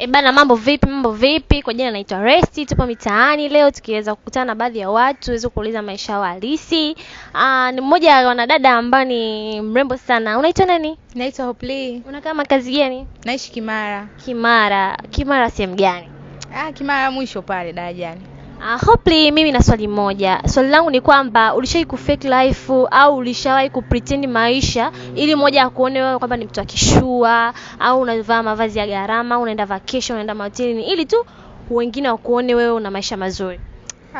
E bana, mambo vipi? Mambo vipi? Kwa jina naitwa Resti, tupo mitaani leo tukiweza kukutana na baadhi ya watu tuweze kuuliza maisha yao halisi. Ah, ni mmoja wa wanadada ambaye ni mrembo sana. Unaitwa nani? Naitwa Hopli. Unakaa makazi gani? Naishi Kimara. Kimara. Kimara sehemu gani? Ah, Kimara mwisho pale darajani. Uh, hopefully mimi na swali moja. Swali langu ni kwamba ulishawahi ku fake life au ulishawahi ku pretend maisha ili moja akuone wewe kwamba ni mtu akishua au unavaa mavazi ya gharama, unaenda vacation, unaenda motelini ili tu wengine wakuone wewe una maisha mazuri?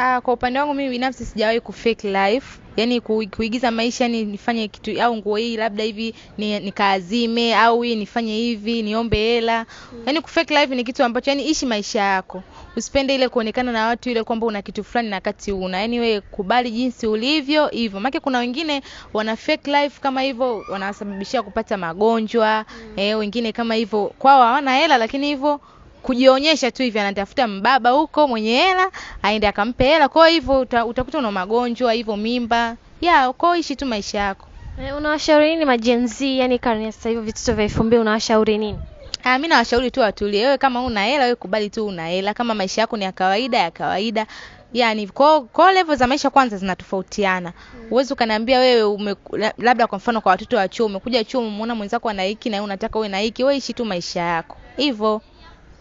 Ah, kwa upande wangu mimi binafsi sijawahi ku fake life yani ku, kuigiza maisha yani nifanye kitu au nguo hii labda hivi ni, nikaazime au hii nifanye hivi niombe hela mm. yani fake life ni kitu ambacho yani ishi maisha yako usipende ile kuonekana na watu ile kwamba una kitu fulani na kati una yani wewe kubali jinsi ulivyo hivyo maana kuna wengine wana fake life kama hivyo wanasababishia kupata magonjwa mm. eh, wengine kama hivyo kwao hawana hela lakini hivyo kujionyesha tu hivi, anatafuta mbaba huko mwenye hela aende akampe hela. Kwa hivyo utakuta una magonjwa hivyo mimba ya kwao, ishi tu maisha yako. Eh, unawashauri nini majenzi, yani karne ya sasa hivi vitoto vya 2000 unawashauri nini? Ah, mimi nawashauri tu watulie. Wewe kama una hela, wewe kubali tu una hela. Kama maisha yako ni ya kawaida ya kawaida yani kwa, kwa level za maisha kwanza zinatofautiana. Huwezi mm. ukaniambia wewe ume, labda kwa mfano kwa watoto wa chuo umekuja chuo umeona mwenzako ana hiki na wewe unataka uwe na hiki, wewe ishi tu maisha yako hivyo.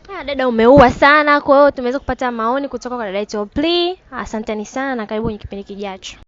Ah, dada umeua sana. Kwa hiyo tumeweza kupata maoni kutoka kwa dada Itopli. Asanteni sana na karibu kwenye kipindi kijacho.